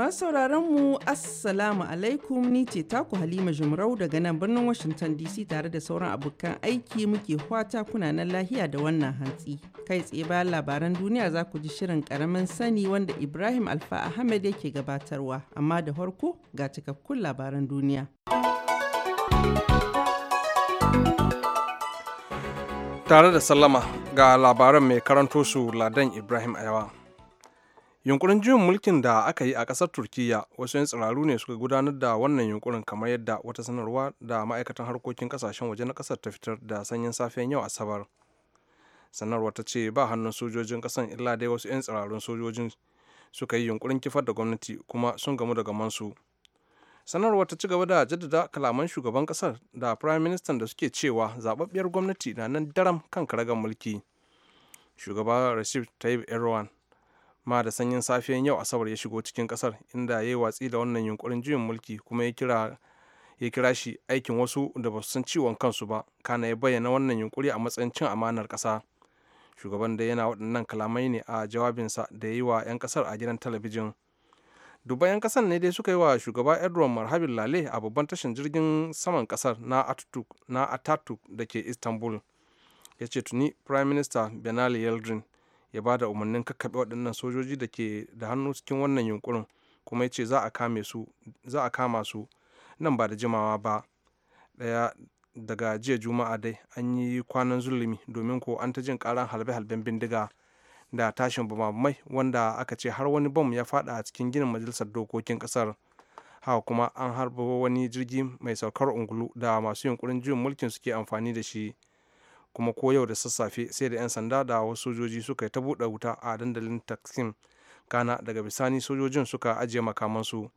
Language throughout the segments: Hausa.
Masu sauraron mu Assalamu alaikum ni ce taku Halima Jumrau daga nan birnin Washington DC tare da sauran abokan aiki muke fata kuna nan lahiya da wannan hantsi. Kai tsaye bayan labaran duniya za ku ji shirin karamin sani wanda Ibrahim Alfa Ahmed yake gabatarwa amma da farko ga cikakkun labaran duniya. Tare da sallama ga labaran mai karanto su Ladan Ibrahim Ayawa. yunkurin juyin mulkin da aka yi a ƙasar Turkiyya wasu 'yan tsiraru ne suka gudanar da wannan yunkurin kamar yadda wata sanarwa da ma'aikatan harkokin kasashen waje na kasar ta fitar da sanyin safiyan yau asabar sanarwa ta ce ba hannun sojojin ƙasan illa dai wasu 'yan tsirarun sojojin suka yi yunkurin kifar da gwamnati kuma sun gamu da su sanarwar ta ci gaba da jaddada kalaman shugaban ƙasar da prime minister da suke cewa zababbiyar gwamnati na nan daram kan karagar mulki shugaba recep tayyip erdogan ma da sanyin safiyan yau asabar ya shigo cikin kasar inda ya yi watsi da wannan yunkurin juyin mulki kuma ya kira shi aikin wasu da ba su san ciwon kansu ba kana ya bayyana wannan yunkuri a matsayin cin amanar kasa shugaban da yana waɗannan kalamai ne a jawabinsa da ya yi wa 'yan kasar a gidan talabijin dubban 'yan kasar ne dai suka yi wa shugaba edward marhabin lale a babban tashin jirgin saman kasar na atatürk da ke istanbul ya ce tuni prime minister benali yeldrin ya ba da umarnin kakkaɓe waɗannan sojoji da ke da hannu cikin wannan yunkurin kuma ya ce za a kama su nan ba da jimawa ba ɗaya daga jiya juma'a dai an yi kwanan zulumi domin ko an ta jin ƙaran halbe-halben bindiga da tashin bamamai wanda aka ce har wani bom ya faɗa a cikin ginin majalisar dokokin ƙasar haka kuma an harba wani jirgi mai saukar ungulu da masu yunkurin juyin mulkin suke amfani da shi kuma ko yau da sassafe sai da 'yan sanda da wasu sojoji suka yi ta buɗe wuta a dandalin taksim kana daga bisani sojojin suka ajiye makamansu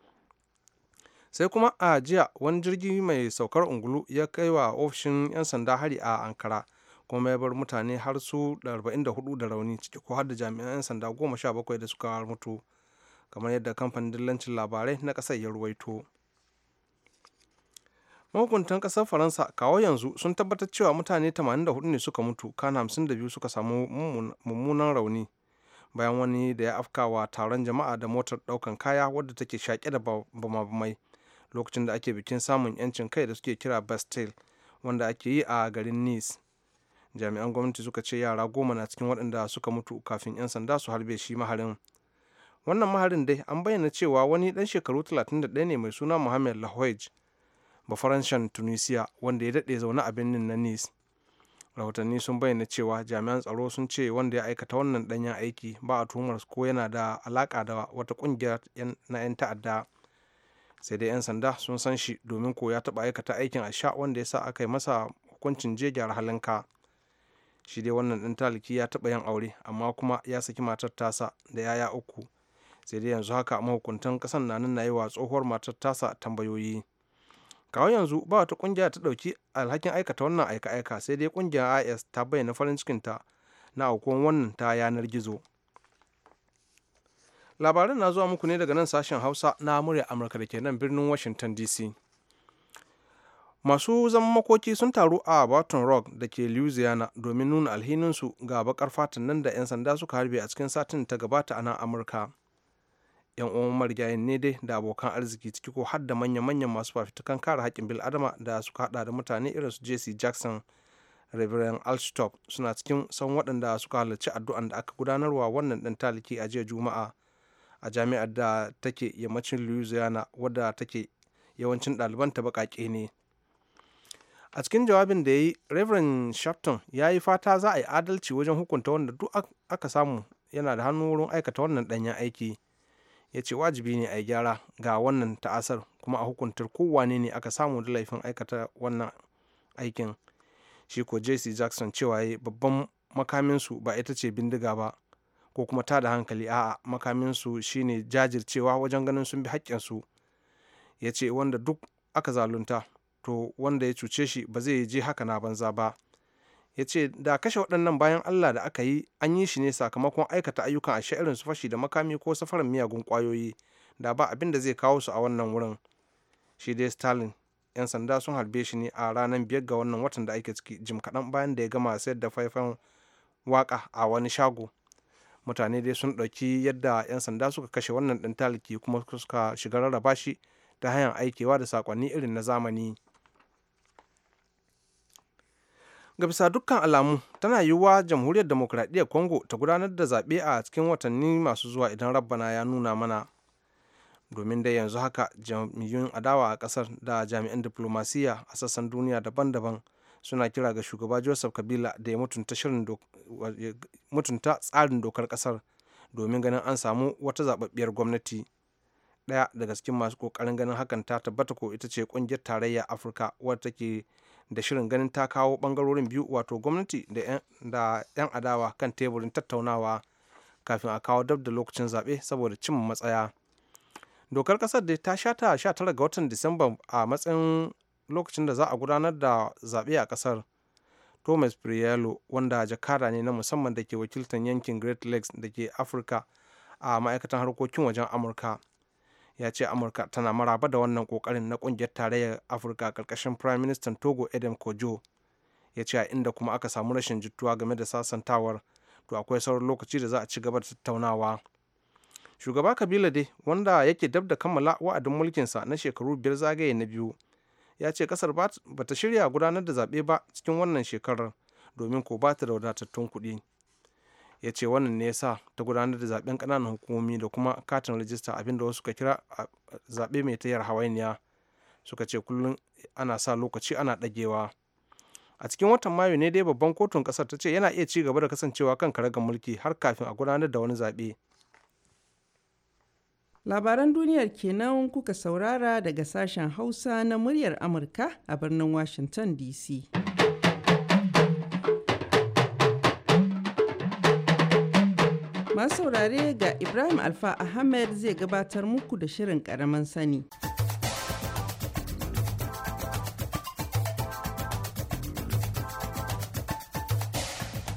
sai kuma a jiya wani jirgi mai saukar ungulu ya kai wa ofishin 'yan sanda hari a ankara kuma ya bar mutane har su 44 da rauni ciki ko har da jami'an 'yan sanda 17 da suka mutu kamar yadda kamfanin dillancin labarai na ƙasar ya ruwaito mahukuntan kasar faransa kawo yanzu sun tabbatar cewa mutane 84 ne suka mutu kan 52 suka samu mummunan rauni bayan wani da ya afkawa taron jama'a da motar daukan kaya wadda take shaƙe da bamabamai lokacin da ake bikin samun yancin kai da suke kira bastille wanda ake yi a garin nice jami'an gwamnati suka ce yara goma na cikin waɗanda suka mutu kafin 'yan sanda su harbe shi maharin wannan maharin dai an bayyana cewa wani ɗan shekaru 31 ne mai suna muhammad lahoyage bafaranshan tunisia wanda ya daɗe zaune a birnin na nice rahotanni sun bayyana cewa jami'an tsaro sun ce wanda ya aikata wannan danyen aiki ba a tuhumar ko yana da alaka da wata kungiyar na 'yan ta'adda sai dai 'yan sanda sun san shi domin ko ya taɓa aikata aikin a sha wanda ya sa aka yi masa hukuncin je gyara halinka shi dai wannan dan taliki ya taɓa yin aure amma kuma ya saki matar tasa da yaya uku sai dai yanzu haka mahukuntan ƙasan na nan na yi wa tsohuwar matar tasa tambayoyi kawo yanzu ba wata kungiya ta dauki alhakin aikata wannan aika-aika sai dai kungiyar is ta bayyana farin cikinta na aukuwan wannan ta yanar gizo labaran na zuwa muku ne daga nan sashen hausa na murya amurka da ke nan birnin washington dc masu zaman makoki sun taru a baton rock da ke louisiana domin nuna alhininsu ga bakar fatan nan da 'yan sanda suka harbe a cikin satin ta gabata a nan amurka yan uwan marigayin ne dai da abokan arziki ciki ko har da manya-manyan masu fafitukan kare haƙƙin bil adama da suka hada da mutane irin su jc jackson reverend alstop suna cikin san waɗanda suka halarci addu'an da aka gudanarwa wannan ɗan taliki a jiya juma'a a jami'ar da take yammacin louisiana wadda take yawancin ɗaliban ta baƙaƙe ne a cikin jawabin da ya yi reverend shafton ya yi fata za a yi adalci wajen hukunta wanda duk aka samu yana da hannu wurin aikata wannan ɗanyen aiki ya ce wajibi ne a yi gyara ga wannan ta'asar kuma a hukuntar kowane ne aka samu da laifin aikata wannan aikin shi ko jc jackson cewa ya babban makaminsu ba ita ce bindiga ba ko kuma ta da hankali a'a makaminsu shine jajircewa wajen ganin sun bi haƙƙinsu ya ce wanda duk aka zalunta to wanda ya cuce shi ba zai je haka na banza ba ya ce da kashe waɗannan bayan allah da aka yi an yi shi ne sakamakon aikata ayyukan ashe irin su fashi da makami ko safarin miyagun kwayoyi da ba abin da zai kawo su a wannan wurin shi dai stalin yan sanda sun harbe shi ne a ranar biyar ga wannan watan da ake ciki jim kaɗan bayan da ya gama sayar da faifan waka a wani shago mutane dai sun ɗauki yadda 'yan sanda suka kashe wannan ɗan taliki kuma suka shiga rarraba shi ta hanyar aikewa da sakonni irin na zamani ga bisa dukkan alamu tana yiwuwa jamhuriyar demokuraɗiyyar congo ta gudanar da zaɓe a cikin watanni masu zuwa idan rabbana ya nuna mana domin dai yanzu haka jami'un adawa a ƙasar da jami'an diplomasiya a sassan duniya daban-daban suna kira ga shugaba joseph kabila da ya mutunta tsarin dokar ƙasar domin ganin an samu wata zaɓaɓɓiyar gwamnati ɗaya daga cikin masu ƙoƙarin ganin hakan ta tabbata ko ita ce ƙungiyar tarayya afirka wadda take da shirin ganin ta kawo bangarorin biyu wato gwamnati da 'yan adawa kan teburin tattaunawa kafin a kawo dab da lokacin zaɓe saboda cin matsaya dokar ƙasar da ta shata 19 ga watan disamba a matsayin lokacin da za a gudanar da zaɓe a ƙasar thomas priello wanda jakada ne na musamman da ke wakiltar yankin great lakes da ke afirka a ma'aikatan harkokin wajen amurka ya ce amurka tana maraba da wannan kokarin na kungiyar tarayyar afirka karkashin prime minister togo edem kojo ya ce a inda kuma aka samu rashin jituwa game da sasantawar to akwai sauran lokaci da za a ci gaba da tattaunawa shugaba kabila dai wanda yake dab da kammala wa'adin mulkinsa na shekaru biyar zagaye na biyu ya ce kasar ba ta shirya gudanar da zaɓe ba cikin wannan shekarar domin ko ba ta da wadatattun kuɗi ya ce wannan ne yasa ta gudanar da zaben kananan hukumomi da kuma katin rajista abinda wasu suka kira zaɓe mai tayar hawainiya suka ce kullum ana sa lokaci ana ɗagewa a cikin watan mayu ne dai babban kotun kasar ta ce yana iya ci gaba da kasancewa kan karagar mulki har kafin a gudanar da wani zaɓe labaran duniyar kenan kuka saurara daga sashen hausa na muryar amurka a birnin washington dc Masu saurare ga Ibrahim Alfa Ahmed zai gabatar muku da shirin karamin sani.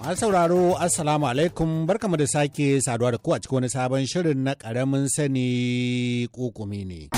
Masu sauraro Assalamu alaikum barkamu da sake saduwa da ku a cikin wani sabon shirin na karamin sani kokumi ne.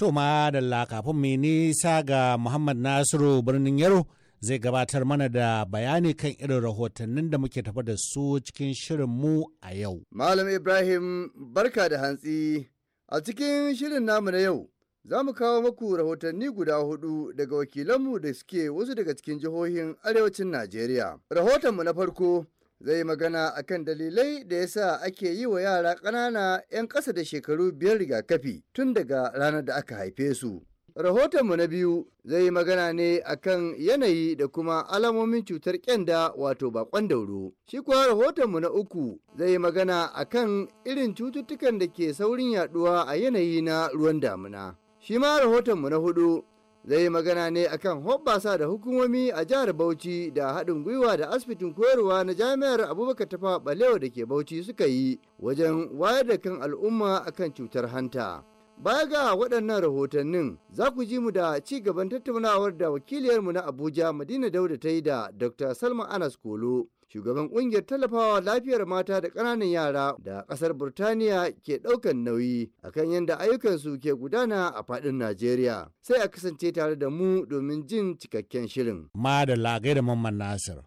To ma da kafin mai nisa ga Muhammad Nasiru birnin Yaro zai gabatar mana da bayani kan irin rahotannin da muke tafa da su cikin shirin mu a yau. Malam Ibrahim barka da hantsi a cikin shirin namu na yau. Za mu kawo maku rahotanni guda hudu daga wakilanmu da suke wasu daga cikin jihohin arewacin Najeriya. Rahotonmu na farko zai magana a kan dalilai da ya sa ake yi wa yara ƙanana 'yan ƙasa da shekaru biyar rigakafi tun daga ranar da aka haife su. Rahotonmu na biyu zai magana ne a kan yanayi da kuma alamomin cutar kyanda wato bakon dauro. Shi kuwa rahotonmu na uku zai yi magana kan irin cututtukan da ke saurin yaduwa a yanayi na ruwan damuna. Shi ma rahotonmu na hudu zai yi magana ne akan hoɓɓasa da hukumomi a jihar bauchi da haɗin gwiwa da asibitin koyarwa na jami'ar abubakar tafa balewa da ke bauchi suka yi wajen wayar da kan al'umma akan cutar hanta baya ga waɗannan rahotannin za ku ji mu da ci gaban tattaunawar da wakiliyarmu na abuja madina dauda ta yi da dr salma anas kolo shugaban ƙungiyar tallafawa lafiyar mata da ƙananan yara da ƙasar Burtaniya ke ɗaukan nauyi akan yadda ayyukansu ke gudana a faɗin Najeriya. Sai a kasance tare da mu domin jin cikakken shirin. Ma da lagai da Mamman Nasir.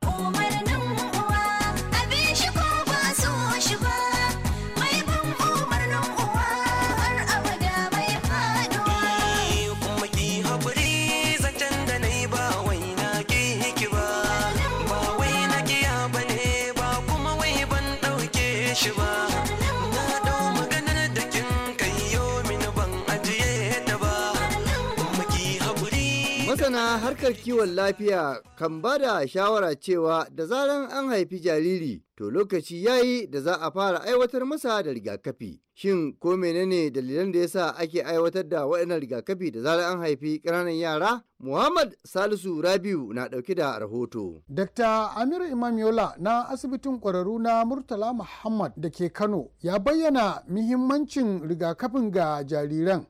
harkar kiwon lafiya kan ba da shawara cewa da zaran an haifi jariri to lokaci yayi da za a fara aiwatar masa da rigakafi shin ko menene dalilan da yasa ake aiwatar da waɗannan rigakafi da zaran an haifi ƙananan yara muhammad salisu rabiu na ɗauki da rahoto dr amir imam yola na asibitin ƙwararru na murtala muhammad da ke kano ya bayyana muhimmancin rigakafin ga jariran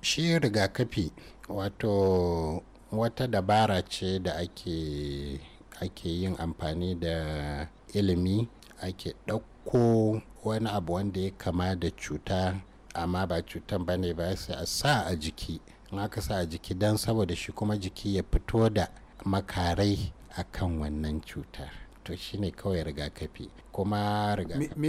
shi rigakafi wato wata dabara ce da ake yin amfani da ilimi ake ɗauko wani abu wanda ya kama da cuta amma ba cutan ba ne ba sai a sa a jiki in aka sa a jiki don saboda shi kuma jiki ya fito da makarai a kan wannan cuta to shine kawai rigakafi kuma rigakafi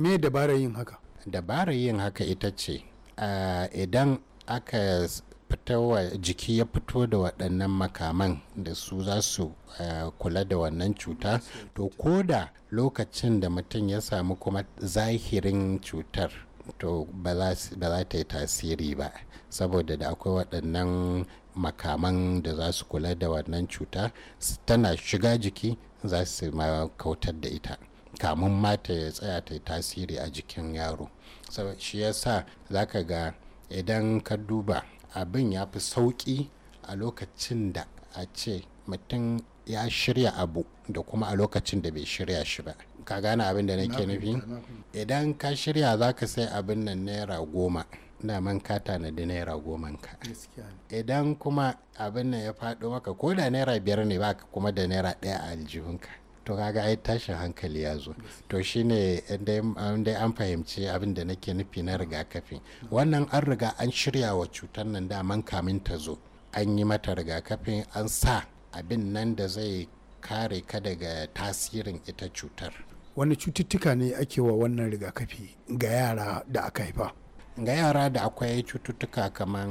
me dabara yin haka dabara yin haka ita ce ah, idan aka fitowa jiki ya fito da waɗannan makaman da su za su eh, kula da wannan cuta to ko da lokacin da mutum ya samu kuma zahirin cutar to ba za ta yi tasiri ba saboda da akwai waɗannan makaman da za su kula da wannan cuta tana shiga jiki za su ma kautar da ita kamun ma ta tsaya ta yi tasiri a jikin yaro shi yasa za ka ga idan ka duba abin ya fi sauki a lokacin da a ce mutum ya shirya abu da kuma a lokacin da bai shirya shi ba ka gane abin da nake nufi idan ka shirya za ka sai abin nan naira goma na man ka tanadi naira goma ka idan kuma abin nan ya faɗo maka ko da naira biyar ne ba kuma da naira ɗaya a aljihunka to kaga ai tashin hankali ya zo to shine dai an fahimci abin da nake nufi na rigakafi wannan an riga an shirya wa cutar nan daman kamin ta zo an yi mata rigakafin an sa abin nan da zai kare ka daga tasirin ita cutar wani cututtuka ne ake wa wannan rigakafi ga yara da aka haifa ga yara da akwai cututtuka kamar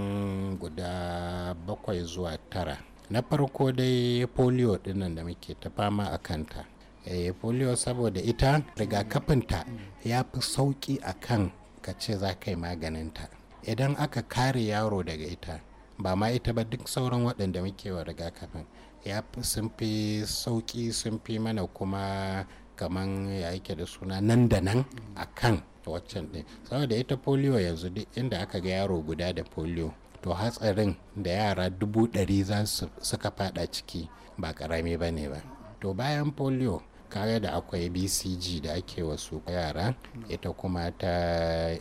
guda bakwai zuwa tara na farko dai polio dinnan da muke ta fama a kanta e, polio saboda ita rigakafinta ya fi sauki a kan ka ce za ka yi maganinta idan aka kare yaro daga ita ba ma ita ba duk sauran waɗanda muke wa rigakafin ya fi sun fi sauki sun fi mana kuma kaman ya yake da suna nan da nan a kan waccan ɗin saboda ita polio yanzu duk inda aka ga yaro guda da polio to hatsarin da yara dubu ɗari za su suka fada ciki ba karami ba ne ba to bayan polio kare da akwai bcg da ake wasu yara ita kuma ta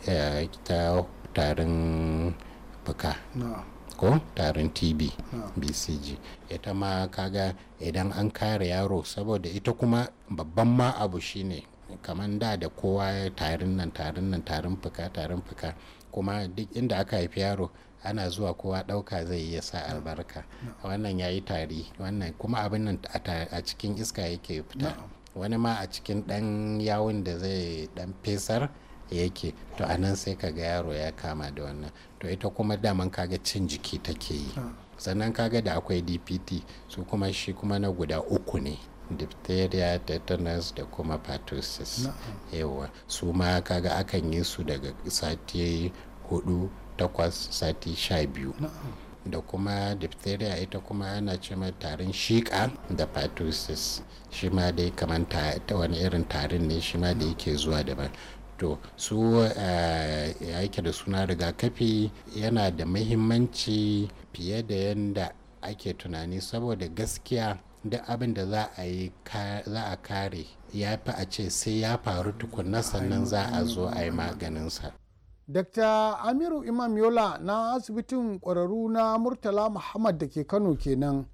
eh, tarin fuka ko tarin tb bcg ita ma kaga idan an kare yaro saboda ita kuma babban ma abu shine kamar da da kowa tarin nan tarin nan tarin fuka tarin fuka kuma duk inda aka haifi yaro ana zuwa kowa ɗauka zai iya sa albarka wannan ya yi tari wannan kuma abin nan a cikin iska yake fita wani ma a cikin ɗan yawon da zai ɗan fesar yake to a nan sai ga yaro ya kama da wannan to ita kuma daman kaga cin jiki take yi sannan kaga da akwai dpt su kuma shi kuma na guda uku ne diphtheria tetanus da kuma pertussis yawa su ma kaga akan yi su daga sati hudu takwas sati sha biyu da kuma diphtheria ita kuma ana ce mai tarin shika da pertussis shi ma dai kamar wani irin tarin ne shi ma da yake zuwa daban to su eh, yake da suna rigakafi yana da mahimmanci fiye da yadda ake tunani saboda gaskiya da abin da za a yi za a kare ya fi a ce sai ya faru tukunna sannan za a zo a yi maganinsa dr amiru imam yola na asibitin ƙwararru na murtala muhammad da ke kano kenan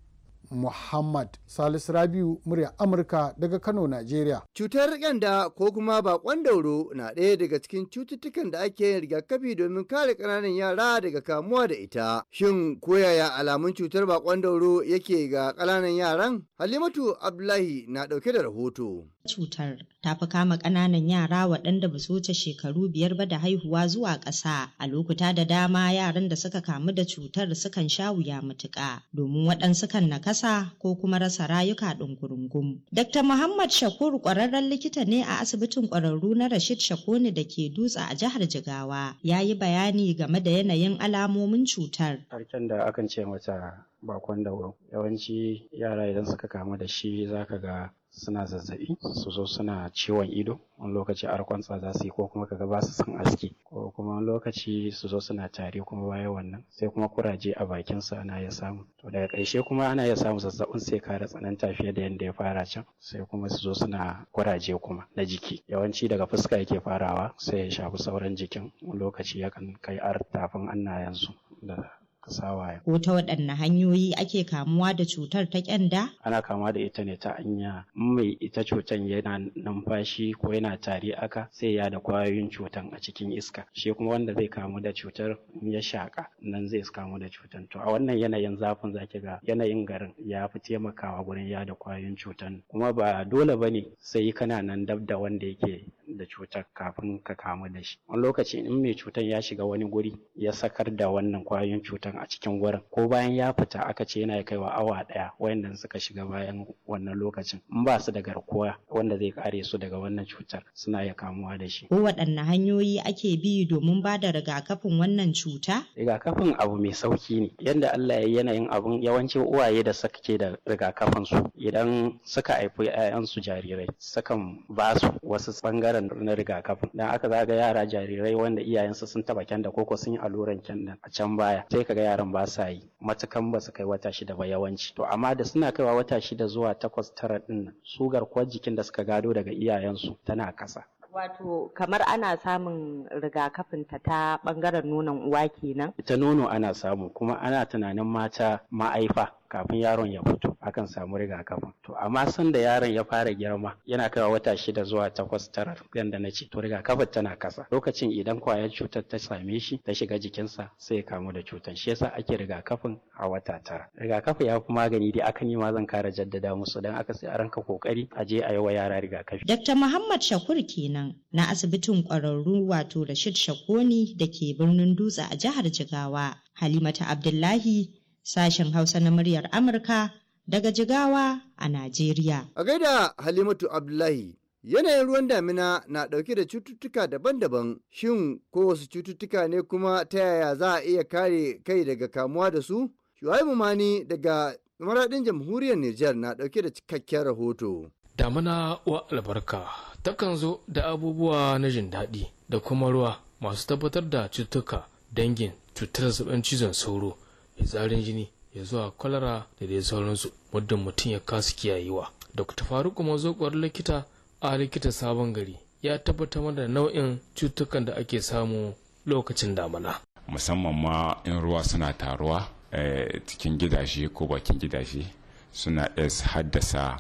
muhammad salisu rabiu murya amurka daga kano nigeria cutar kyanda ko kuma bakon dauro na ɗaya daga cikin cututtukan da ake yin rigakafi domin kare ƙananan yara daga kamuwa da ita shin koyaya alamun cutar bakon dauro yake ga ƙananan yaran halimatu abdullahi na ɗauke da rahoto cutar ta fi kama ƙananan yara waɗanda ba su wuce shekaru biyar ba da haihuwa zuwa ƙasa a lokuta da dama yaran da suka kamu da cutar sukan sha wuya matuƙa domin waɗansu kan nakasa ko kuma rasa rayuka ɗungurungum. Dr. Muhammad Shakur ƙwararren likita ne a asibitin ƙwararru na Rashid Shakoni da ke dutse a jihar Jigawa ya yi bayani game da yanayin alamomin cutar. Harken da akan ce mata bakon dauro yawanci yara idan suka kamu da shi zaka ga suna zazzaɓi su zo suna ciwon ido wani lokaci arkwantsa za su yi ko kuma kaga ba su son aski ko kuma wani lokaci su zo suna tari kuma baya wannan sai kuma kuraje a bakin su ana ya samu to daga ƙarshe kuma ana ya samu zazzaɓin sai kara tsananta fiye da yadda ya fara can sai kuma su zo suna kuraje kuma na jiki yawanci daga fuska yake farawa sai ya shafi sauran jikin wani lokaci yakan kai ar tafin anna yanzu da kasawaya. Ko ta waɗanne hanyoyi ake kamuwa da cutar ta kyanda? Ana kamuwa da ita ne ta hanya mai ita cutan yana numfashi ko yana tari aka sai ya da kwayoyin cutan a cikin iska. Shi kuma wanda zai kamu da cutar ya shaka nan zai kamu da cutan. To a wannan yanayin zafin zaki ga yanayin garin ya fi taimakawa gurin ya da kwayoyin cutan. Kuma ba dole bane sai kana nan dab da wanda yake da cutar kafin ka kamu da shi. Wani lokaci in mai cutar ya shiga wani guri ya sakar da wannan kwayoyin cutar kuɗin a cikin wurin ko bayan ya fita aka ce yana kaiwa awa ɗaya wayanda suka shiga bayan wannan lokacin in ba su da garkuwa wanda zai kare su daga wannan cutar suna iya kamuwa da shi. Ko waɗanne hanyoyi ake bi domin ba da rigakafin wannan cuta? Rigakafin abu mai sauki ne yadda Allah ya yanayin abun yawanci uwaye da ke da rigakafin su idan suka haifi 'ya'yansu jarirai sukan ba su wasu ɓangaren na rigakafin dan aka zaga yara jarirai wanda iyayensu sun taba kyanda koko sun yi alluran kyanda a can baya sai kaga yaran ba sa yi matukan ba su kai wata shida ba yawanci to amma da suna kaiwa wata shida zuwa takwas tara din nan, su garkuwar jikin da suka gado daga iyayensu tana kasa Wato kamar ana samun rigakafin ta ta bangaren nonon uwa kenan? Ita nono ana samu kuma ana tunanin mata ma'aifa kafin yaron ya fito akan samu rigakafin to amma sanda yaron ya fara girma yana kaiwa wata shida zuwa takwas tara da na ce to rigakafin tana kasa lokacin idan kwayar cutar ta same shi ta shiga jikinsa sai ya kamu da cutar shi yasa ake rigakafin a wata tara rigakafi ya fi magani dai akan yi ma zan kara jaddada musu dan aka sai a ranka kokari a je a yi wa yara rigakafi Dr. Muhammad Shakur kenan na asibitin kwararru wato Rashid Shakoni da ke birnin Dutse a jihar Jigawa Halimata Abdullahi sashen Hausa na muryar Amurka daga Jigawa a Najeriya. A gaida Halimatu Abdullahi, yanayin ruwan damina na ɗauke da cututtuka daban-daban, shin ko wasu cututtuka ne kuma ta yaya za a iya kare kai daga kamuwa da su? Shuaibu Mani daga maraɗin jamhuriyar Nijar na ɗauke da cikakken rahoto. Damina wa albarka takan zo da abubuwa na jin daɗi da kuma ruwa masu tabbatar da cututtuka dangin cutar zaɓen cizon sauro fitsarin jini ya zuwa kwalara da dai sauransu muddin mutum ya kasu kiyayewa dr faruk mazokwar likita a likita sabon gari ya tabbatar da nau'in cutukan da ake samu lokacin damana musamman ma in ruwa suna taruwa eh, cikin gidashe ko bakin gidashe suna iya haddasa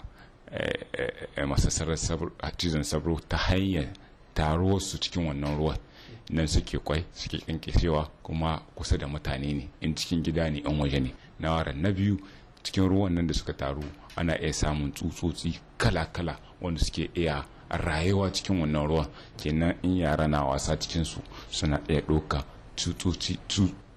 eh, eh, masasarar cizon sabro ta hanyar taruwarsu cikin wannan ruwan nan suke kwai suke kankesewa kuma kusa da mutane ne in cikin gida ne in waje ne na waran na biyu cikin ruwan nan da suka taru ana iya samun tsutsotsi kala-kala wanda suke iya rayuwa cikin wannan ruwan kenan in yara na wasa cikin su suna iya ɗauka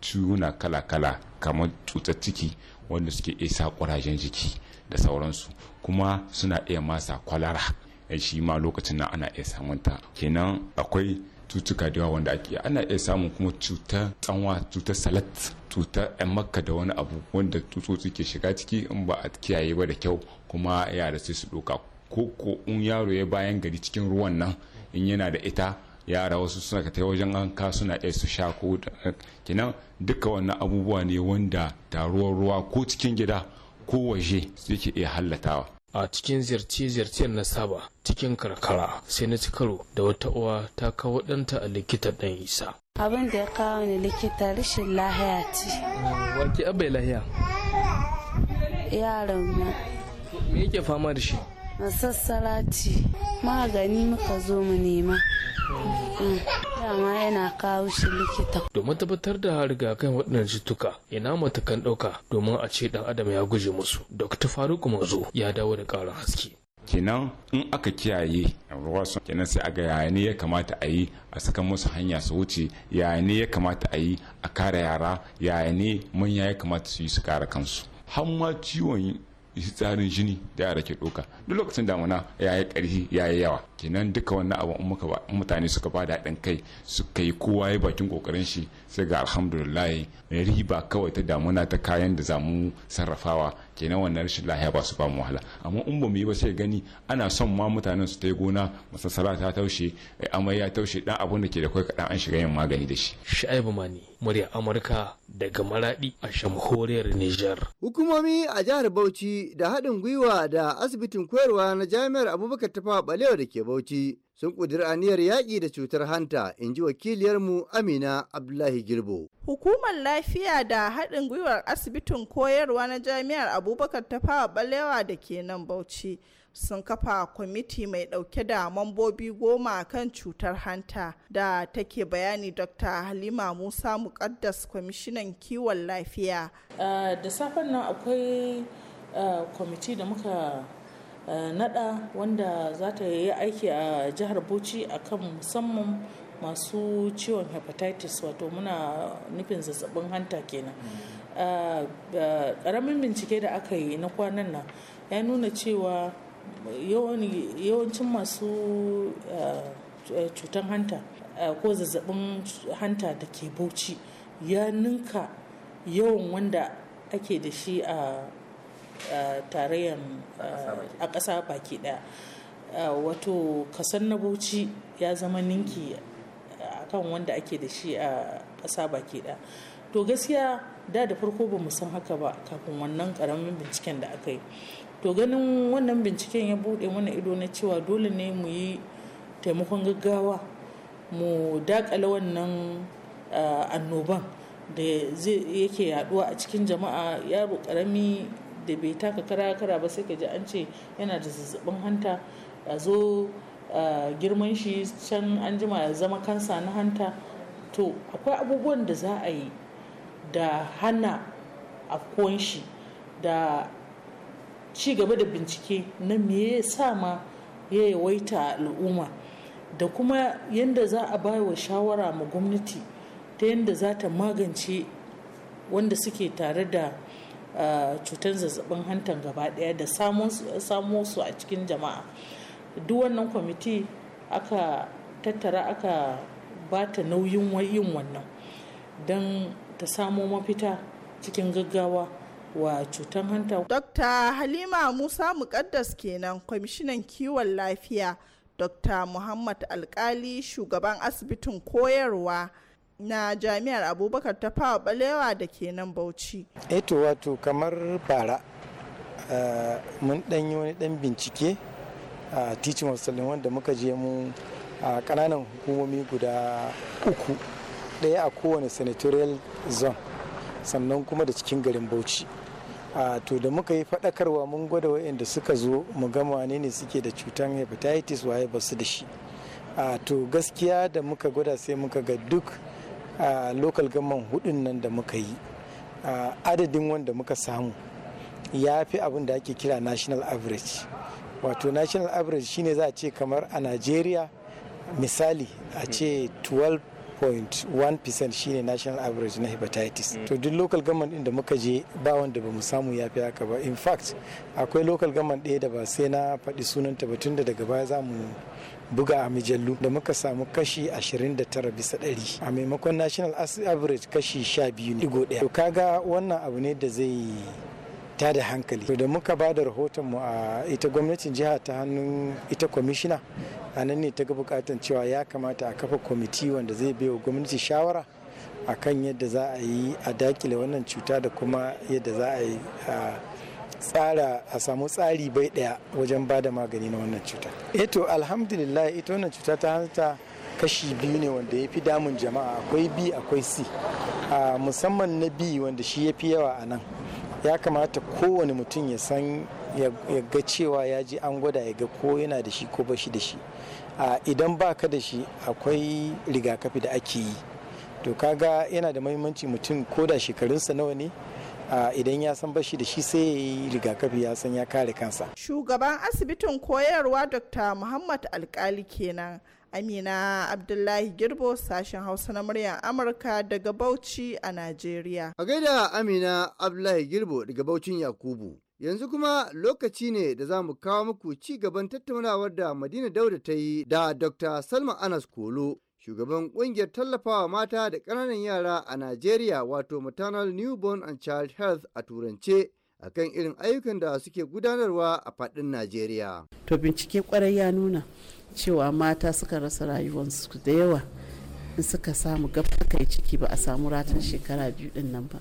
ciwuna kala-kala kamar tsutsar ciki wanda suke iya sa jiki da sauransu kuma suna iya masa kwalara shi ma lokacin nan ana iya samunta kenan akwai cutuka da yawa wanda ake ana iya samun kuma cutar tsanwa cutar salat cutar yan makka da wani abu wanda tsutsotsi ke shiga ciki in ba a kiyaye ba da kyau kuma yara sai su doka ko ko in yaro ya bayan gari cikin ruwan nan in yana da ita yara wasu suna ka wajen an ka suna iya su sha ko kenan duka wannan abubuwa ne wanda taruwar ruwa ko cikin gida ko waje suke iya hallatawa a cikin ziyarce-ziyarcen na saba cikin karkara sai na cikaro da wata uwa ta kawo ɗanta a likita ɗan isa abin da ya kawo ni likita rashin lahiya ce wake abai lahiya yaron na me yake fama da shi masassara ce magani muka zo mu nema dama yana kawo shi likita domin tabbatar da rigakafin waɗannan cutuka ina matakan ɗauka domin a ce ɗan adam ya guje musu dr faruk mazo ya dawo da ƙarin haske kenan in aka kiyaye wasu kenan sai aga yaya ne ya kamata a yi a saka musu hanya su wuce yaya ne ya kamata a yi a kare yara yaya ne manya ya kamata su yi su kare kansu har ciwon tsarin jini da yara ke ɗauka duk lokacin damuna ya yi ƙarfi ya yi yawa kenan duka wannan abu mutane suka ba haɗin kai suka yi kowa ya bakin kokarin shi sai ga alhamdulillah riba kawai ta damuna ta kayan da za mu sarrafawa kenan wannan rashin lahiya ba su ba mu wahala amma in ba mu yi ba sai gani ana son ma mutanen su ta yi gona masassara ta taushe amai ya taushe dan abun da ke da kai kaɗan an shiga yin magani da shi. Sha'ibu Mani murya Amurka daga Maraɗi a Shamhoriyar Nijar. Hukumomi a jihar Bauchi da haɗin gwiwa da asibitin koyarwa na Jami'ar Abubakar Tafawa Balewa da ke Bauchi sun ƙudiri aniyar yaƙi da cutar hanta in ji wakiliyarmu Amina Abdullahi Girbo. Hukumar lafiya da haɗin gwiwar asibitin koyarwa na jami'ar Abubakar ta fawa balewa da ke nan Bauchi sun kafa kwamiti mai ɗauke da mambobi goma kan cutar hanta da take bayani Dr. Halima Musa Muƙaddas kwamishinan kiwon lafiya. Uh, da safen nan akwai uh, kwamiti da muka Eh, nada wanda za ta yi aiki a jihar bauchi akan musamman masu ciwon hepatitis wato muna nufin zazzabin hanta kenan karamin eh, eh, bincike da aka yi na kwanan nan ya nuna cewa yawancin masu cutan hanta ko zazzabin hanta da ke bauchi ya ninka yawan wanda ake da shi a Eh, tarayyar eh, a ƙasa baki ɗaya eh, wato kasan na bauchi ya zama ninki akan wanda ake da shi a ƙasa baki ɗaya to gaskiya da da farko ba san haka ba kafin wannan ƙaramin binciken da aka yi to ganin wannan binciken ya buɗe mana ido na cewa dole ne mu yi taimakon gaggawa mu dakala wannan annoban da yake yaɗuwa a cikin jama'a yaro ƙarami. da bai taka kara kara ba sai ka ji an ce yana da zazzabin hanta a zo girman shi can an jima ya zama kansa na hanta to akwai abubuwan da za a yi da hana afkuwan shi da ci gaba da bincike na me ya sa ma ya yawaita al'umma da kuma yadda za a ba wa shawara ma gwamnati ta yadda za ta magance wanda suke tare da cutar zazzabin hantar gaba daya da samo su a cikin jama'a duk wannan kwamiti aka tattara aka ba ta nauyin yin wannan don ta samo mafita cikin gaggawa wa cutar hanta. Dokta Halima Musa Mukaddas kenan kwamishinan kiwon lafiya Dokta Muhammad Alkali shugaban asibitin koyarwa na jami'ar abubakar ta fawa balewa da ke nan bauchi eto eh wato kamar bara eh, mun dan yi wani dan bincike a teaching hostel wanda muka je mu a kananan hukumomi guda uku daya a kowane senatorial zone sannan kuma da cikin garin bauchi to da muka yi faɗakarwa mun gwada waɗanda suka zo mu gama wane ne suke da cutan hepatitis waye ba su da shi to gaskiya da muka gwada sai muka ga duk a local government hudun nan da muka yi adadin wanda muka samu ya fi abin da ake kira national average wato national average shine za a ce kamar a nigeria misali a ce 0.1% shine national average na hepatitis mm. to duk local government din da muka je ba wanda ba mu samu ya fi haka ba in fact akwai local government ɗaya da ba sai na faɗi sunanta ba tunda daga baya za mu buga a mijallu da muka samu kashi 29 bisa ɗari a maimakon national average kashi 12 ne to kaga wannan abu ne da zai ta da hankali da muka ba da rahotonmu a ita gwamnatin jiha ta hannun ita kwamishina a nan ne ta ga bukatan cewa ya kamata a kafa kwamiti wanda zai baiwa gwamnati shawara a kan yadda za a yi a dakile wannan cuta da kuma yadda za a yi tsara a samu tsari bai daya wajen ba da magani na wannan cuta eto eh alhamdulillah ita wannan cuta ta hanta kashi biyu ne wanda ya fi damun jama'a akwai b akwai c musamman na b wanda shi ya fi yawa a nan ya kamata kowane mutum ya san ya ga cewa ya ji an gwada ya ga ko yana da shi ko ba shi da shi idan ba ka da shi akwai rigakafi da ake yi to kaga yana da mahimmanci mutum ko da shekarunsa nawa ne idan ya san ba shi da shi sai ya yi rigakafi ya san ya kare kansa shugaban asibitin koyarwa dr muhammad alkali kenan Amina Abdullahi Girbo sashen Hausa na muryar Amurka daga Bauchi a Najeriya. A gaida Amina Abdullahi Girbo daga Baucin Yakubu. Yanzu kuma lokaci ne da za mu kawo muku ci gaban tattaunawar da Madina Dauda ta yi da Dr. Salma Anas Kolo, shugaban ƙungiyar tallafawa mata da ƙananan yara a Najeriya wato Maternal Newborn and Child Health a Turance. akan irin ayyukan da suke gudanarwa a faɗin Najeriya. To bincike kwarai ya nuna cewa mata suka rasa rayuwarsu da yawa in suka samu gafa kai ciki ba a samu ratan shekara biyu din nan ba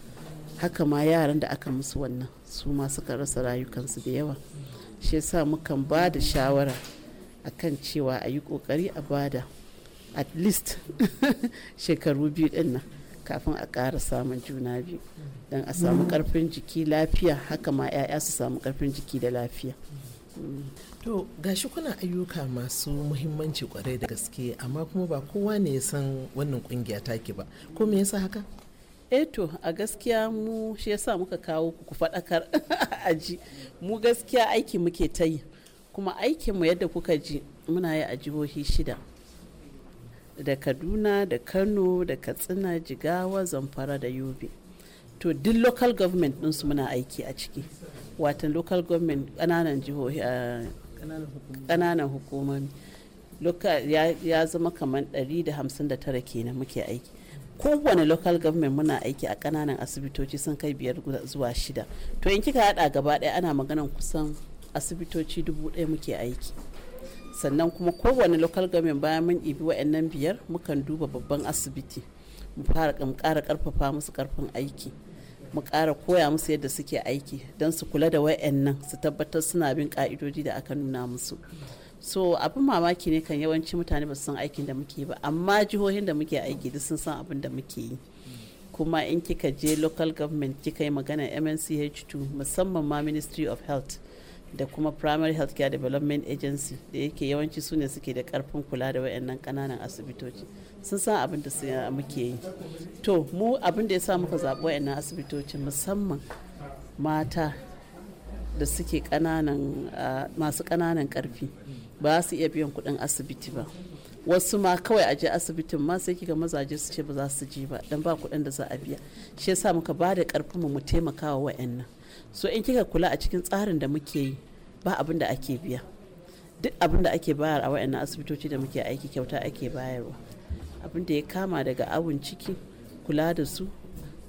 haka ma yaran da aka musu wannan su ma suka rasa rayukansu da yawa shi yasa mukan ba da shawara akan cewa a yi kokari a bada at least shekaru biyu din nan kafin a ƙara samun juna biyu don a samu karfin jiki lafiya haka ma 'ya'ya su samu karfin jiki da lafiya mm. To gashi kuna ayyuka masu muhimmanci kwarai da gaske amma kuma ba kowa ne ya san wannan kungiya take ba. Ko me yasa haka? E to a gaskiya mu shi yasa muka kawo ku faɗakar aji. Mu gaskiya aiki muke ta yi. Kuma aikinmu yadda kuka ji muna yi a jihohi shida. Da Kaduna, da Kano, da Katsina, Jigawa, Zamfara da Yobe. to duk local government ɗinsu muna aiki a ciki watan local government ƙananan jihohi eh, ƙananan hukumomi loka ya zama kamar 159 kenan muke aiki kowane local government muna aiki a ƙananan asibitoci sun kai biyar zuwa shida to in kika hada gaba ɗaya ana maganan kusan asibitoci dubu ɗaya muke aiki sannan kuma kowane local government bayan mun ibi wa'annan biyar mukan duba babban asibiti mu fara ƙara ƙarfafa musu ƙarfin aiki mu ƙara koya musu yadda suke aiki don su kula da wayannan su tabbatar suna bin ƙa'idodi da aka nuna musu so abin mamaki ne kan yawanci mutane ba su san aikin da muke ba amma jihohin da muke aiki duk sun san abin da muke yi kuma in kika je local government kika yi magana mnch2 musamman ma ministry of health da kuma primary health care development agency da yake yawanci su ne suke da karfin kula da wayannan kananan asibitoci sun san abin da eh, muke yi to mu abin da ya sa muka zaɓi wayannan asibitoci musamman mata da suke kananan ah, masu kananan karfi ba su iya biyan kuɗin asibiti ba wasu ma kawai a je asibitin ma sai kika mazaje su ce ba za su je ba dan ba kuɗin da za a biya shi yasa muka ba da karfin mu taimaka wa wayannan so in kika kula a cikin tsarin da muke yi ba abin da ake biya duk abin da ake bayar a wayannan asibitoci da muke aiki kyauta ake bayarwa abin da ya kama daga awun ciki kula da su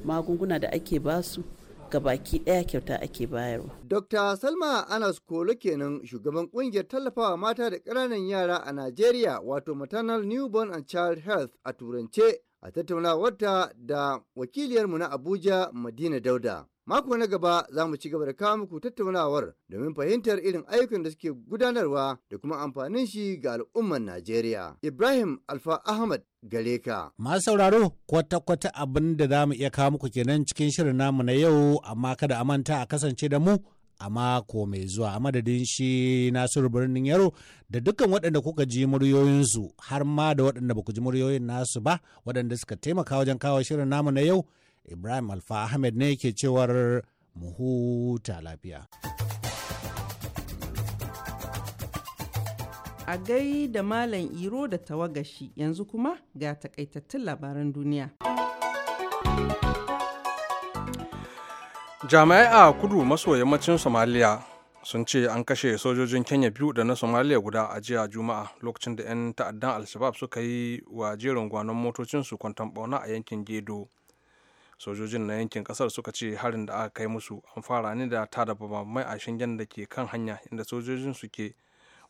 magunguna da ake basu ga baki ɗaya kyauta ake bayarwa. Dr. Salma Anas Kolo kenan shugaban kungiyar tallafawa mata da ƙananan yara a Najeriya wato Maternal Newborn and Child Health a Turance a tattaunawarta da wakiliyarmu na Abuja Madina Dauda. Mako na gaba za mu ci gaba da kawo muku tattaunawar domin fahimtar irin ayyukan da suke gudanarwa da kuma amfanin shi ga al'ummar Najeriya. Ibrahim Alfa Ahmad gare ka. Masu sauraro kwata-kwata abin da za mu iya kawo muku kenan cikin shirin namu na yau amma kada a manta a kasance da mu a mako mai zuwa a madadin shi nasiru birnin yaro da dukkan waɗanda kuka ji muryoyinsu har ma da waɗanda ba ku ji muryoyin nasu ba waɗanda suka taimaka wajen kawo shirin namu na yau Ibrahim Alfa Ahmed ne ke cewar mu huta lafiya. A gai da Malam Iro da tawagashi yanzu kuma ga takaitattun labaran duniya. Jami'ai a kudu maso yammacin somaliya sun ce an kashe sojojin Kenya biyu da na somaliya guda a jiya Juma'a lokacin da 'yan ta'addan al suka yi wa jerin gwanon motocinsu kwanton bauna a yankin Gedo. sojojin na yankin kasar suka ce harin da aka kai musu an fara ne da tada bamamai a shingen da ke kan hanya inda sojojin suke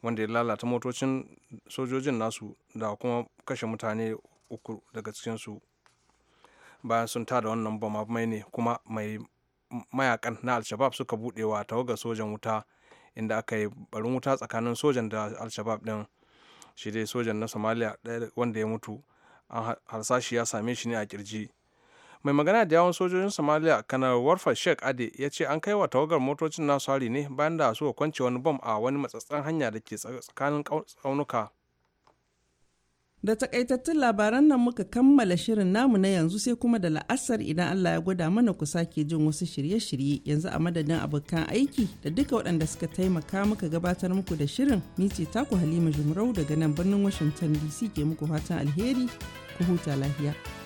wanda ya lalata motocin sojojin nasu da kuma kashe mutane uku daga cikinsu bayan sun tada wannan mai ne kuma mai mayakan na alshabab suka buɗewa tawaga sojan wuta inda aka yi barin wuta tsakanin sojan da alshabab din shi dai sojan na somalia wanda ya mutu an harsashi ya same shi ne a kirji mai magana da yawon sojojin somalia kanar warfa sheik ade ya ce an kai wa tawagar motocin nasu hari ne bayan da suka kwance wani bom a wani matsatsen hanya da ke tsakanin tsaunuka da takaitattun labaran nan muka kammala shirin namu na yanzu sai kuma da la'asar idan Allah ya gwada mana ku sake jin wasu shirye-shirye yanzu a madadin abokan aiki da duka waɗanda suka taimaka muka gabatar muku da shirin ni ce taku Halima Jumrau daga nan birnin Washington DC ke muku fatan alheri ku huta lafiya.